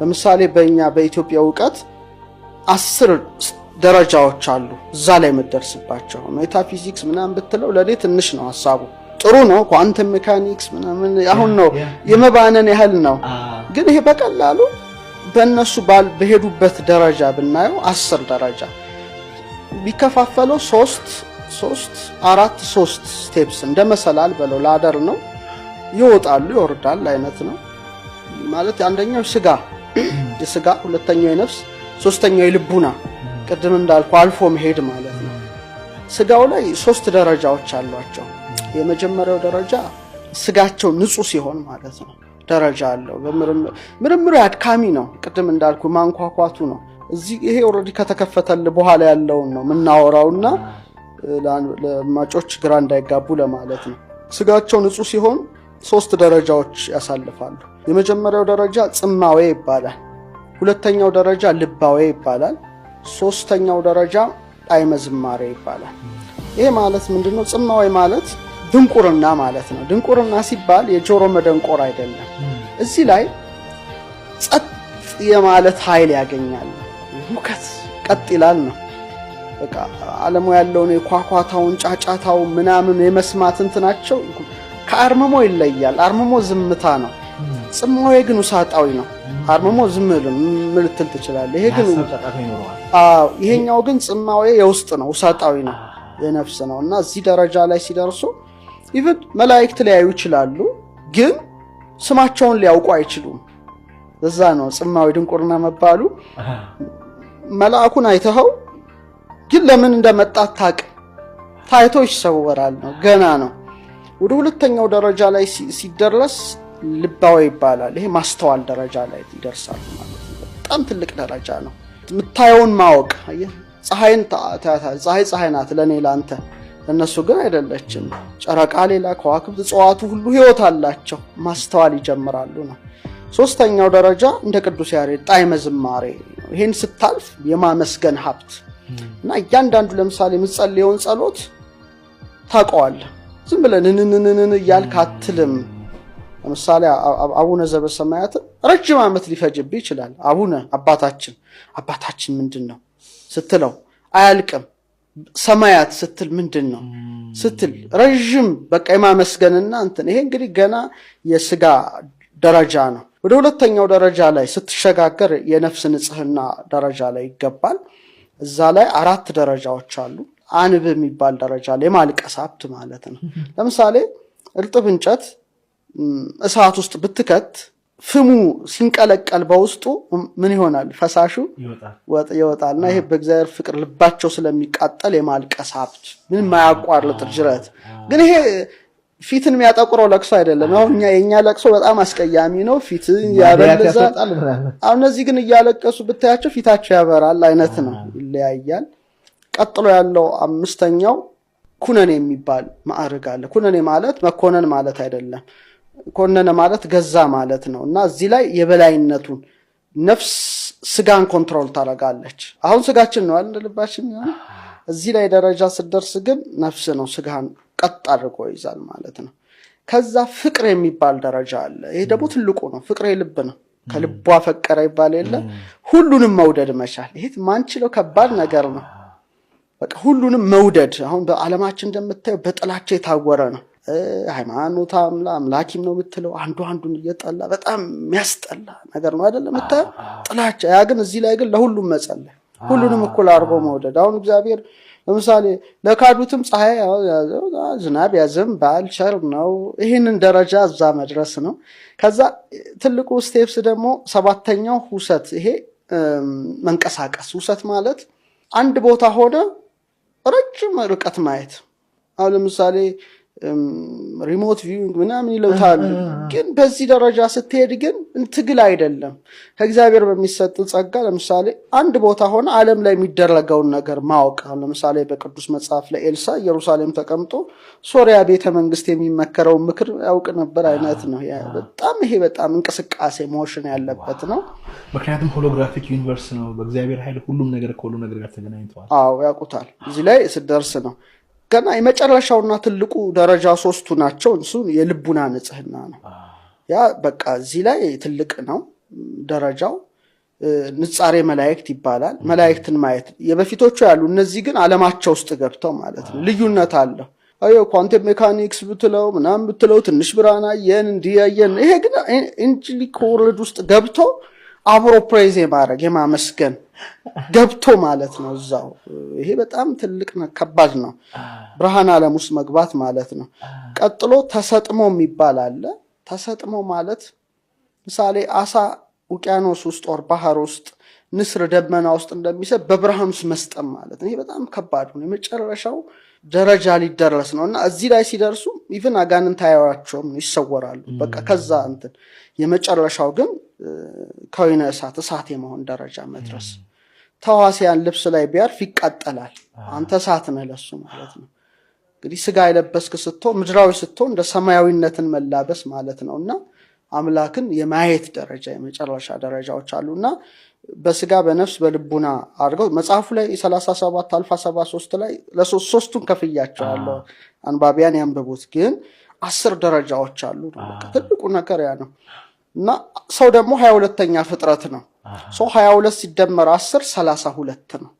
ለምሳሌ በእኛ በኢትዮጵያ እውቀት አስር ደረጃዎች አሉ እዛ ላይ የምደርስባቸው ሜታፊዚክስ ምናምን ብትለው ለእኔ ትንሽ ነው ሀሳቡ ጥሩ ነው። ኳንተም ሜካኒክስ ምናምን አሁን ነው የመባነን ያህል ነው። ግን ይሄ በቀላሉ በእነሱ በሄዱበት ደረጃ ብናየው አስር ደረጃ ቢከፋፈለው ሶስት ሶስት አራት ሶስት ስቴፕስ እንደ መሰላል በለው ላደር ነው። ይወጣሉ ይወርዳል አይነት ነው ማለት አንደኛው ስጋ የስጋ ሁለተኛው የነፍስ ሶስተኛው የልቡና ቅድም እንዳልኩ አልፎ መሄድ ማለት ነው። ስጋው ላይ ሶስት ደረጃዎች አሏቸው። የመጀመሪያው ደረጃ ስጋቸው ንጹህ ሲሆን ማለት ነው ደረጃ አለው። ምርምሩ አድካሚ ነው። ቅድም እንዳልኩ ማንኳኳቱ ነው። እዚህ ይሄ ኦልሬዲ ከተከፈተል በኋላ ያለውን ነው የምናወራውና ለማጮች ግራ እንዳይጋቡ ለማለት ነው። ስጋቸው ንጹህ ሲሆን ሶስት ደረጃዎች ያሳልፋሉ። የመጀመሪያው ደረጃ ጽማዌ ይባላል። ሁለተኛው ደረጃ ልባዌ ይባላል። ሶስተኛው ደረጃ ጣይመ ዝማሬ ይባላል። ይሄ ማለት ምንድነው? ጽማዌ ማለት ድንቁርና ማለት ነው። ድንቁርና ሲባል የጆሮ መደንቆር አይደለም። እዚህ ላይ ጸጥ የማለት ኃይል ያገኛል። ሙከት ቀጥ ይላል ነው በቃ አለሙ ያለውን የኳኳታውን ጫጫታውን ምናምን የመስማት እንትናቸው ከአርምሞ ይለያል። አርምሞ ዝምታ ነው። ጽማዊ ግን ውሳጣዊ ነው። አርምሞ ዝም ምልትል ትችላለህ። ይሄ ግን ይሄኛው ግን ጽማዊ የውስጥ ነው፣ ውሳጣዊ ነው፣ የነፍስ ነው እና እዚህ ደረጃ ላይ ሲደርሱ ኢቭን መላእክት ሊያዩ ይችላሉ፣ ግን ስማቸውን ሊያውቁ አይችሉም። እዛ ነው ጽማዊ ድንቁርና መባሉ። መልአኩን አይተኸው ግን ለምን እንደመጣ ታቅ ታይቶ ይሰወራል ነው፣ ገና ነው። ወደ ሁለተኛው ደረጃ ላይ ሲደረስ ልባዊ ይባላል። ይሄ ማስተዋል ደረጃ ላይ ይደርሳል ማለት ነው። በጣም ትልቅ ደረጃ ነው። የምታየውን ማወቅ ፀሐይን ፀሐይ ፀሐይ ናት ለእኔ ለአንተ፣ ለእነሱ ግን አይደለችም። ጨረቃ ሌላ፣ ከዋክብት፣ እጽዋቱ ሁሉ ህይወት አላቸው። ማስተዋል ይጀምራሉ ነው። ሶስተኛው ደረጃ እንደ ቅዱስ ያሬድ ጣይመ ዝማሬ፣ ይህን ስታልፍ የማመስገን ሀብት እና እያንዳንዱ ለምሳሌ የምጸልየውን ጸሎት ታቀዋል ዝም ብለን ንንንንን እያልክ አትልም። ለምሳሌ አቡነ ዘበሰማያትን ረጅም ዓመት ሊፈጅብ ይችላል። አቡነ አባታችን አባታችን ምንድን ነው ስትለው አያልቅም። ሰማያት ስትል ምንድን ነው ስትል ረዥም በቃ የማመስገንና እንትን ይሄ እንግዲህ ገና የስጋ ደረጃ ነው። ወደ ሁለተኛው ደረጃ ላይ ስትሸጋገር የነፍስ ንጽህና ደረጃ ላይ ይገባል። እዛ ላይ አራት ደረጃዎች አሉ። አንብ የሚባል ደረጃ ላይ ማልቀስ ሀብት ማለት ነው። ለምሳሌ እርጥብ እንጨት እሳት ውስጥ ብትከት ፍሙ ሲንቀለቀል በውስጡ ምን ይሆናል? ፈሳሹ ይወጣል። እና ይሄ በእግዚአብሔር ፍቅር ልባቸው ስለሚቃጠል የማልቀስ ሀብት ምንም ማያቋርጥ ጅረት። ግን ይሄ ፊትን የሚያጠቁረው ለቅሶ አይደለም። አሁን የእኛ ለቅሶ በጣም አስቀያሚ ነው፣ ፊት ያበልዛል። እነዚህ ግን እያለቀሱ ብታያቸው ፊታቸው ያበራል አይነት ነው፣ ይለያያል። ቀጥሎ ያለው አምስተኛው ኩነኔ የሚባል ማዕርግ አለ። ኩነኔ ማለት መኮነን ማለት አይደለም። ኮነነ ማለት ገዛ ማለት ነው እና እዚህ ላይ የበላይነቱን ነፍስ ስጋን ኮንትሮል ታደርጋለች። አሁን ስጋችን ነው አይደል ልባችን። እዚህ ላይ ደረጃ ስደርስ ግን ነፍስ ነው ስጋን ቀጥ አድርጎ ይዛል ማለት ነው። ከዛ ፍቅር የሚባል ደረጃ አለ። ይሄ ደግሞ ትልቁ ነው። ፍቅር ልብ ነው። ከልቡ ፈቀረ ይባል የለ ሁሉንም መውደድ መቻል። ይሄ ማንችለው ከባድ ነገር ነው። በቃ ሁሉንም መውደድ አሁን በዓለማችን እንደምታየው በጥላቸው የታወረ ነው። ሃይማኖት አምላኪም ነው የምትለው አንዱ አንዱን እየጠላ በጣም የሚያስጠላ ነገር ነው አይደለም ምታ ጥላቻ። ያ ግን እዚህ ላይ ግን ለሁሉም መጸለ ሁሉንም እኩል አድርጎ መውደድ። አሁን እግዚአብሔር ለምሳሌ ለካዱትም ፀሐይ፣ ዝናብ ያዘንባል፣ ቸር ነው። ይህንን ደረጃ እዛ መድረስ ነው። ከዛ ትልቁ ስቴፕስ ደግሞ ሰባተኛው ሁሰት፣ ይሄ መንቀሳቀስ። ሁሰት ማለት አንድ ቦታ ሆነ ረጅም ርቀት ማየት። አሁን ለምሳሌ ሪሞት ቪንግ ምናምን ይለውታሉ። ግን በዚህ ደረጃ ስትሄድ ግን ትግል አይደለም ከእግዚአብሔር በሚሰጥ ጸጋ። ለምሳሌ አንድ ቦታ ሆነ ዓለም ላይ የሚደረገውን ነገር ማወቅ። ለምሳሌ በቅዱስ መጽሐፍ ለኤልሳ ኢየሩሳሌም ተቀምጦ ሶሪያ ቤተ መንግስት የሚመከረውን ምክር ያውቅ ነበር አይነት ነው። በጣም ይሄ በጣም እንቅስቃሴ ሞሽን ያለበት ነው። ምክንያቱም ሆሎግራፊክ ዩኒቨርስ ነው። በእግዚአብሔር ኃይል ሁሉም ነገር ከሁሉም ነገር ጋር ተገናኝተዋል። ያውቁታል። እዚህ ላይ ስደርስ ነው ገና የመጨረሻውና ትልቁ ደረጃ ሶስቱ ናቸው። እሱ የልቡና ንጽህና ነው። ያ በቃ እዚህ ላይ ትልቅ ነው ደረጃው። ንጻሬ መላይክት ይባላል። መላይክትን ማየት የበፊቶቹ ያሉ እነዚህ ግን አለማቸው ውስጥ ገብተው ማለት ነው። ልዩነት አለው። አዮ ኳንቴም ሜካኒክስ ብትለው ምናም ብትለው ትንሽ ብርሃን የን እንዲያየን ይሄ ግን ኢንጂሊክ ወርልድ ውስጥ ገብተው አብሮ ፕሬዝ የማድረግ የማመስገን ገብቶ ማለት ነው እዛው። ይሄ በጣም ትልቅ ከባድ ነው፣ ብርሃን አለም ውስጥ መግባት ማለት ነው። ቀጥሎ ተሰጥሞ የሚባል አለ። ተሰጥሞ ማለት ምሳሌ አሳ ውቅያኖስ ውስጥ ወር ባህር ውስጥ ንስር ደመና ውስጥ እንደሚሰብ በብርሃን ውስጥ መስጠም ማለት ነው። ይህ በጣም ከባድ ነው። የመጨረሻው ደረጃ ሊደረስ ነው እና እዚህ ላይ ሲደርሱ ኢቨን አጋንንት አያዩዋቸውም ነው፣ ይሰወራሉ። በቃ ከዛ እንትን የመጨረሻው ግን ከወይነ እሳት እሳት የመሆን ደረጃ መድረስ። ተዋሲያን ልብስ ላይ ቢያርፍ ይቃጠላል። አንተ እሳት ነህ ለሱ ማለት ነው። እንግዲህ ስጋ የለበስክ ስቶ ምድራዊ ስቶ እንደ ሰማያዊነትን መላበስ ማለት ነው እና አምላክን የማየት ደረጃ የመጨረሻ ደረጃዎች አሉና በስጋ በነፍስ በልቡና አድርገው መጽሐፉ ላይ ሰላሳ ሰባት አልፋ ሰባ ሶስት ላይ ለሶስቱን ሶስቱን ከፍያቸዋለሁ። አንባቢያን ያንብቡት። ግን አስር ደረጃዎች አሉ። ትልቁ ነገር ያ ነው እና ሰው ደግሞ ሀያ ሁለተኛ ፍጥረት ነው። ሰው ሀያ ሁለት ሲደመር አስር ሰላሳ ሁለት ነው።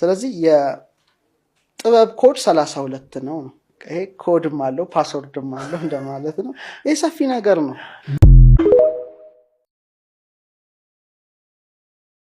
ስለዚህ የጥበብ ኮድ ሰላሳ ሁለት ነው። ይሄ ኮድም አለው ፓስወርድም አለው እንደማለት ነው። ይህ ሰፊ ነገር ነው።